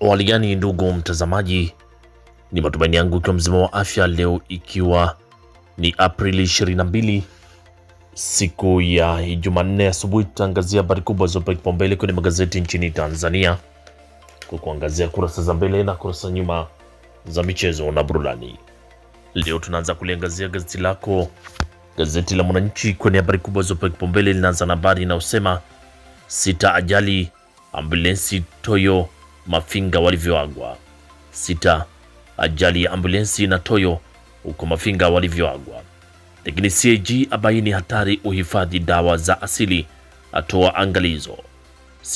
Waligani ndugu mtazamaji, ni matumaini yangu ikiwa mzima wa afya leo, ikiwa ni Aprili 22 siku ya Jumanne asubuhi, tutaangazia habari kubwa zopa kipaumbele kwenye magazeti nchini Tanzania kwa kuangazia kurasa za mbele na kurasa nyuma za michezo na burudani. Leo tunaanza kuliangazia gazeti lako gazeti la Mwananchi kwenye habari kubwa zopa kipaumbele linaanza na habari inayosema sita ajali ambulensi toyo Mafinga walivyoagwa. Sita, ajali ya ambulensi na toyo huko Mafinga walivyoagwa. Lakini CAG abaini hatari uhifadhi dawa za asili, atoa angalizo.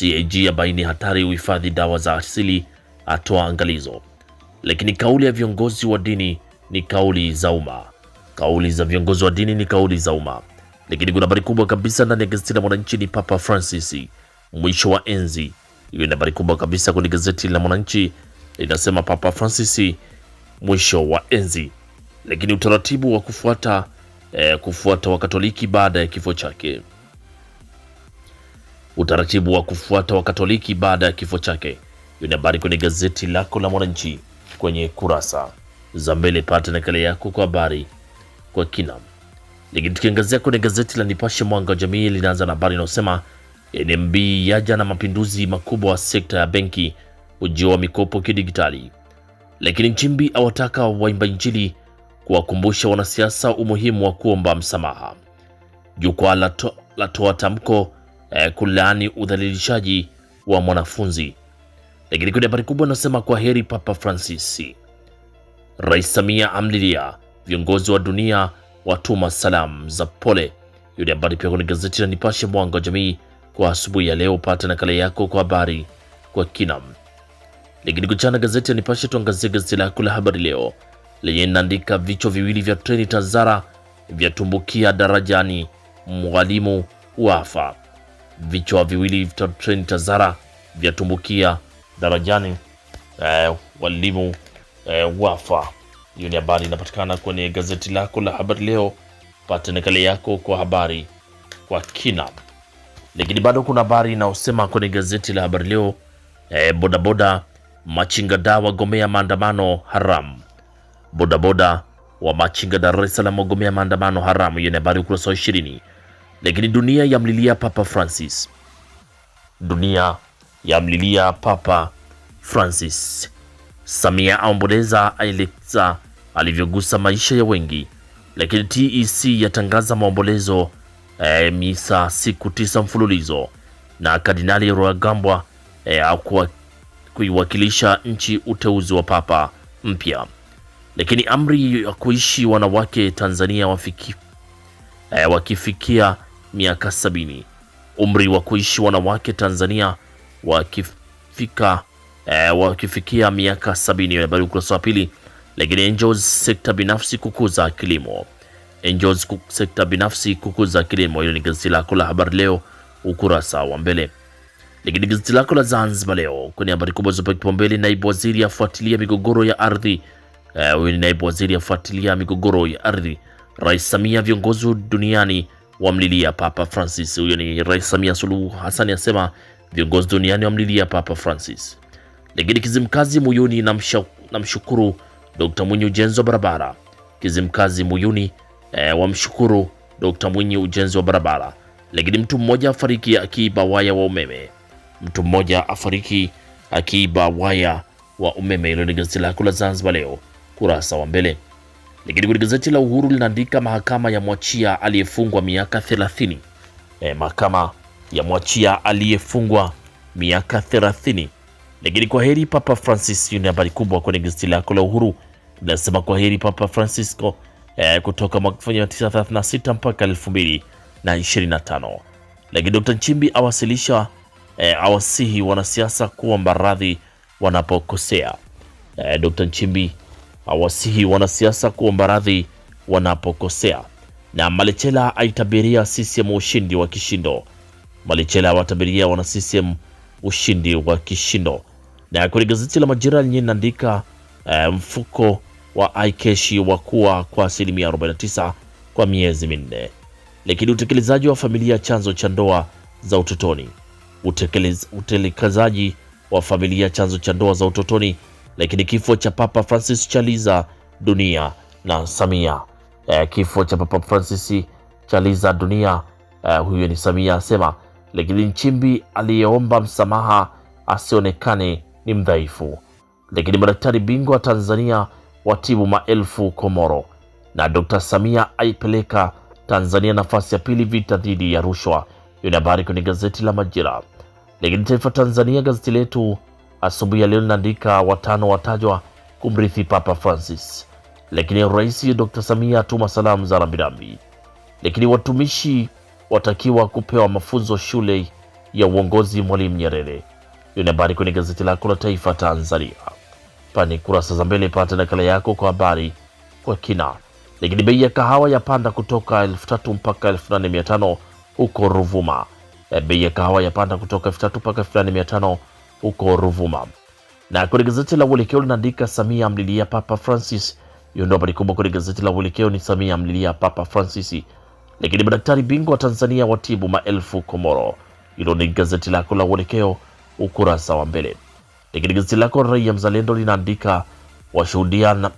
CAG abaini hatari uhifadhi dawa za asili, atoa angalizo. Lakini kauli ya viongozi wa dini ni kauli za umma. Kauli za viongozi wa dini ni kauli za umma. Lakini kuna habari kubwa kabisa ndani ya gazeti la Mwananchi ni Papa Francis, mwisho wa enzi hiyo ni habari kubwa kabisa kwenye gazeti la Mwananchi, linasema Papa Francis mwisho wa enzi, lakini utaratibu wa kufuata eh, kufuata Katoliki baada ya kifo chake, utaratibu wa kufuata Katoliki baada ya kifo chake. Hiyo ni habari kwenye gazeti lako la Mwananchi kwenye kurasa za mbele. Pata nakala yako kwa habari kwa kina. Lakini tukiangazia kwenye gazeti la Nipashe mwanga wa jamii, linaanza na habari inayosema NMB yaja na mapinduzi makubwa wa sekta ya benki, ujio wa mikopo kidigitali. Lakini Nchimbi awataka waimba injili kuwakumbusha wanasiasa umuhimu wa kuomba msamaha. Jukwaa la toa tamko eh, kulaani udhalilishaji wa mwanafunzi. Lakini kuna habari kubwa inasema kwa heri Papa Francis. Rais Samia amlilia viongozi wa dunia watuma salamu za pole. Yule habari pia kwenye gazeti la Nipashe mwanga wa jamii kwa asubuhi ya leo. Pata nakala yako kwa habari kwa kina. Lakini kuchana gazeti ya Nipashe, tuangazie gazeti lako la habari leo lenye linaandika vichwa viwili vya treni Tazara vyatumbukia darajani, mwalimu wafa. Vichwa viwili vya treni Tazara vyatumbukia darajani, eh, walimu eh, wafa. Hiyo ni habari inapatikana kwenye gazeti lako la habari leo. Pata nakala yako kwa habari kwa kina. Lakini bado kuna habari inayosema kwenye gazeti la Habari Leo e, bodaboda machinga da wagomea maandamano haram Bodaboda wa machinga Dar es Salaam wagomea maandamano haramu, yenye habari ukurasa wa ishirini. Lakini dunia yamlilia Papa Francis, dunia yamlilia Papa Francis. Samia aomboleza aeleza alivyogusa maisha ya wengi. Lakini TEC yatangaza maombolezo e, misa siku tisa mfululizo na Kardinali Rwagambwa e, kuiwakilisha nchi uteuzi wa papa mpya. Lakini amri ya kuishi wanawake Tanzania wafiki, e, wakifikia miaka sabini umri wa kuishi wanawake Tanzania wakifika e, wakifikia miaka sabini. Habari ukurasa wa pili. Lakini NGOs sekta binafsi kukuza kilimo Angels sekta binafsi kukuza kilimo. Hilo ni gazeti lako la habari leo ukurasa wa mbele. Lakini gazeti lako la Zanzibar leo kwenye habari kubwa zopewa kipaumbele, naibu waziri afuatilia migogoro ya ardhi. Eh, huyu ni naibu waziri afuatilia migogoro ya ardhi. Rais Samia, viongozi duniani wamlilia Papa Francis. Huyo ni Rais Samia Suluhu Hassan asema viongozi duniani wamlilia Papa Francis. Lakini Kizimkazi Muyuni na mshukuru Dr. Mwinyi ujenzi wa barabara. Kizimkazi Muyuni e, wamshukuru Dr. Mwinyi ujenzi wa barabara. Lakini mtu mmoja afariki akiiba waya wa umeme. Mtu mmoja afariki akiiba waya wa umeme. Hilo ni gazeti lako la Zanzibar leo kurasa wa mbele. Lakini kwenye gazeti la Uhuru linaandika mahakama ya mwachia aliyefungwa miaka 30. E, eh, mahakama ya mwachia aliyefungwa miaka 30. Lakini kwa heri Papa Francis, hiyo ni habari kubwa kwenye gazeti lako la Uhuru. Linasema kwa heri Papa Francisco e, kutoka mwaka 1936 mpaka 2025. Lakini Dr. Nchimbi awasilisha e, awasihi wanasiasa kuomba radhi wanapokosea. E, eh, Dr. Nchimbi awasihi wanasiasa kuomba radhi wanapokosea. Na Malichela aitabiria CCM ushindi wa kishindo. Malichela awatabiria wana CCM ushindi wa kishindo. Na kwenye gazeti la Majira lenyewe inaandika eh, mfuko wa aikeshi wakuwa kwa asilimia 49 kwa miezi minne. Lakini utekelezaji wa familia chanzo cha ndoa za utotoni, utekelezaji wa familia chanzo cha ndoa za utotoni. Lakini kifo cha Papa Francis chaliza dunia na Samia. Eh, kifo cha Papa Francis chaliza dunia. eh, huyo ni Samia asema. Lakini Nchimbi aliyeomba msamaha asionekane ni mdhaifu. Lakini madaktari bingwa Tanzania watibu maelfu Komoro. Na Dr. Samia aipeleka Tanzania nafasi ya pili vita dhidi ya rushwa. Hiyo ni habari kwenye gazeti la Majira. Lakini Taifa Tanzania, gazeti letu asubuhi ya leo linaandika watano watajwa kumrithi Papa Francis. Lakini Rais Dr. Samia atuma salamu za rambirambi. Lakini watumishi watakiwa kupewa mafunzo shule ya uongozi Mwalimu Nyerere. Hiyo ni habari kwenye gazeti lako la Taifa Tanzania. Pani kurasa za mbele, pata nakala yako kwa habari kwa kina. Lakini bei ya kahawa yapanda kutoka elfu mpaka elfu huko Ruvuma. E, bei ya kahawa yapanda kutoka elfu mpaka elfu huko Ruvuma. Na kwenye gazeti la Uelekeo linaandika Samia amlilia Papa Francis. Hiyo ndio habari kubwa kwenye gazeti la Uelekeo ni Samia amlilia Papa Francis. Lakini madaktari bingwa wa Tanzania watibu maelfu Komoro. Hilo ni gazeti lako la Uelekeo ukurasa wa mbele. Lakini gazeti lako Raia Mzalendo linaandika washuhudia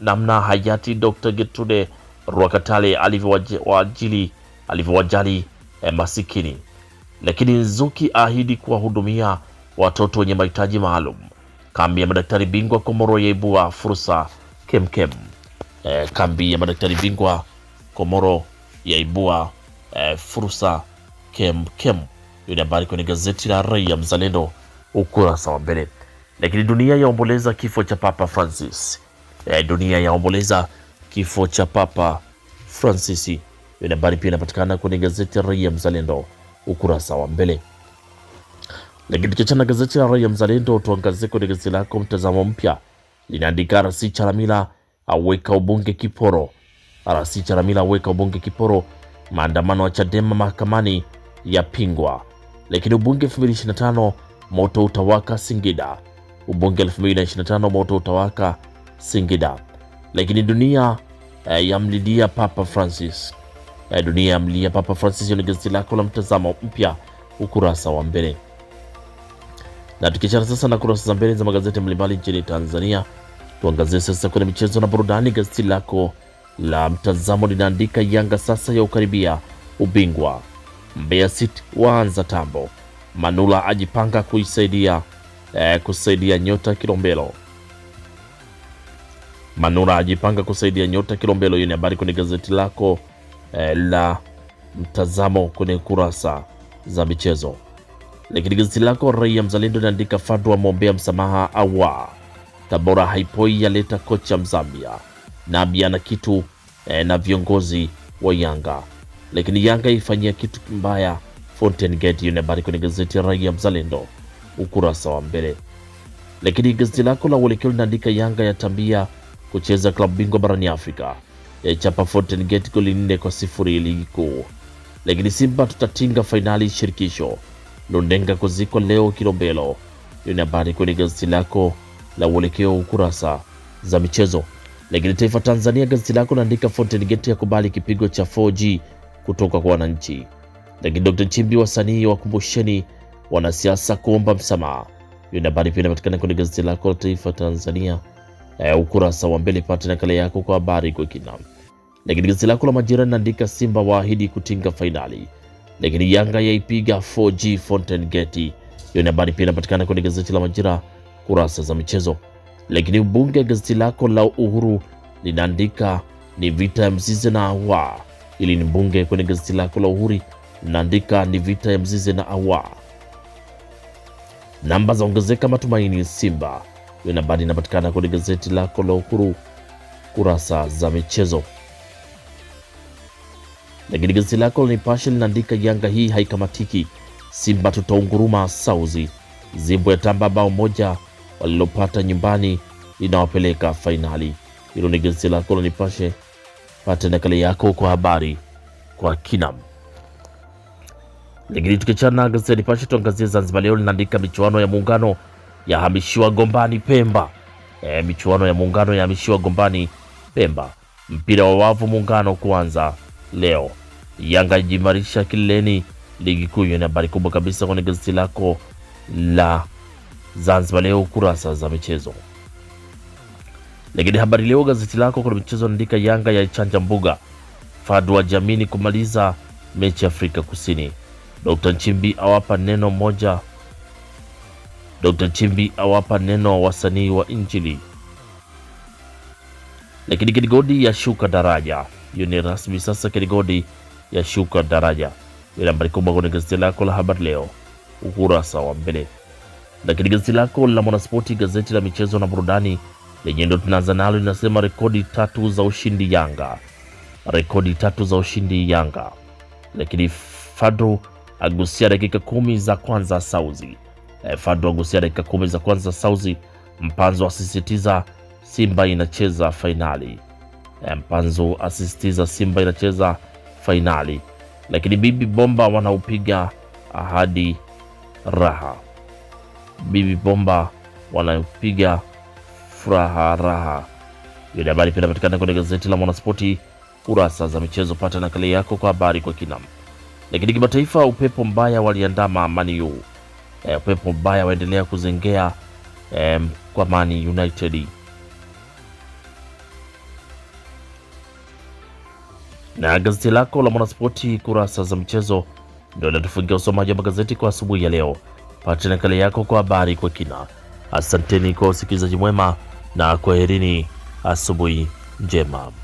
namna hayati Dr. Getrude Rwakatare alivyowajali alivyowajali eh, masikini. Lakini Nzuki ahidi kuwahudumia watoto wenye mahitaji maalum. Kambi ya madaktari bingwa Komoro yaibua fursa kemkem. Eh, kambi ya madaktari bingwa Komoro yaibua eh, fursa kemkem. Hiyo ni habari kwenye gazeti la Raia Mzalendo ukurasa wa mbele. Lakini dunia yaomboleza kifo cha Papa Francis. E, dunia yaomboleza kifo cha Papa Francis. Hiyo habari pia inapatikana kwenye gazeti ya Raia Mzalendo ukurasa wa mbele. Lakini tukiachana gazeti la Raia Mzalendo, tuangazie kwenye gazeti lako Mtazamo Mpya, linaandika Rasi Chalamila aweka ubunge kiporo. Rasi Chalamila aweka ubunge kiporo, maandamano ya Chadema mahakamani yapingwa. Lakini ubunge 2025 moto utawaka Singida ubunge 2025 moto utawaka Singida, lakini dunia eh, yamlilia Papa Francis eh, dunia yamlilia Papa Francis. ni gazeti lako la mtazamo mpya ukurasa wa mbele, na tukichana sasa na kurasa za mbele za magazeti mbalimbali nchini Tanzania, tuangazie sasa kwenye michezo na burudani. Gazeti lako la mtazamo linaandika Yanga sasa ya ukaribia ubingwa, Mbeya City waanza tambo, Manula ajipanga kuisaidia eh, kusaidia nyota Kilombero. Manura ajipanga kusaidia nyota Kilombero. Hiyo ni habari kwenye gazeti lako eh, la mtazamo kwenye kurasa za michezo. Lakini gazeti lako Raia Mzalendo inaandika Fadu amwombea msamaha awa Tabora haipoi yaleta kocha Mzambia na na kitu eh, na viongozi wa Yanga, lakini Yanga ifanyia kitu mbaya Fountain Gate. Hiyo ni habari kwenye gazeti ya Raia Mzalendo ukurasa wa mbele. Lakini gazeti lako la Uelekeo linaandika Yanga ya tambia kucheza klabu bingwa barani Afrika, yaichapa Fountain Gate goli nne kwa sifuri ligi kuu. Lakini Simba tutatinga fainali shirikisho, Lundenga kuzikwa leo Kilombero. Hiyo ni habari kwenye gazeti lako la Uelekeo ukurasa za michezo. Lakini Taifa Tanzania gazeti lako linaandika Fountain Gate ya kubali kipigo cha 4G kutoka kwa wananchi. Lakini Dr. Chimbi wasanii wakumbusheni wanasiasa kuomba msamaha. Hiyo ni habari pia inapatikana kwenye gazeti lako la Taifa Tanzania e, ukurasa wa mbele. Pata nakala yako kwa habari kwa kina. Lakini gazeti lako la Majira linaandika Simba waahidi kutinga fainali, lakini Yanga yaipiga 4G Fountain Gate. Hiyo ni habari pia inapatikana kwenye gazeti la Majira kurasa za michezo. Lakini ubunge, gazeti lako la Uhuru linaandika ni vita ya Mzize na Awa. Ili ni mbunge kwenye gazeti lako la Uhuru linaandika ni vita ya Mzize na Awa namba za ongezeka matumaini Simba. Hiyo nambari inapatikana kwenye gazeti lako la Uhuru kurasa za michezo. Lakini gazeti lako la Nipashe linaandika Yanga hii haikamatiki, Simba tutaunguruma sauzi, ya tamba bao moja walilopata nyumbani linawapeleka fainali. Hilo ni gazeti lako la Nipashe. Pata nakala yako kwa habari kwa kinam. Lakini tukichana gazeti ya Nipashe tuangazie Zanzibar Leo linaandika michuano ya muungano yahamishiwa Gombani Pemba. E, michuano ya muungano yahamishiwa Gombani Pemba. Mpira wa wavu muungano kuanza leo. Yanga jimarisha kileleni ligi kuu. Hiyo ni habari kubwa kabisa kwenye gazeti lako la Zanzibar Leo kurasa za michezo. Lakini habari leo gazeti lako kwa michezo naandika Yanga ya chanja mbuga Fadwa jamini kumaliza mechi Afrika Kusini. Dr. Nchimbi awapa neno moja. Dr. Nchimbi awapa neno wasanii wa Injili. Lakini ya yashuka daraja. Hiyo ni rasmi sasa, ya yashuka daraja. Ile habari kubwa kwenye gazeti lako la habari leo ukurasa wa mbele. Lakini gazeti lako la Mwanaspoti, gazeti la michezo na burudani lenye ndo tunaanza nalo, linasema rekodi tatu za ushindi Yanga, rekodi tatu za ushindi Yanga. Lakini Fadlu agusia dakika kumi za kwanza Sauzi. Fadu agusia dakika kumi za kwanza Sauzi. Mpanzo asisitiza Simba inacheza fainali. Eh, Mpanzo asisitiza Simba inacheza fainali, lakini Bibi Bomba wanaupiga ahadi raha. Bibi Bomba wanaupiga furaha raha. Hiyo ni habari pia inapatikana kwenye gazeti la Mwanaspoti kurasa za michezo. Pata nakala yako kwa habari kwa kinamu. Lakini kimataifa, upepo mbaya waliandama Man U. E, upepo mbaya waendelea kuzengea e, kwa Man United na gazeti lako la Mwanaspoti kurasa za mchezo ndio linatufungia usomaji wa magazeti kwa asubuhi ya leo. Pata nakala yako kwa habari kwa kina. Asanteni kwa usikilizaji mwema na kwaherini, asubuhi njema.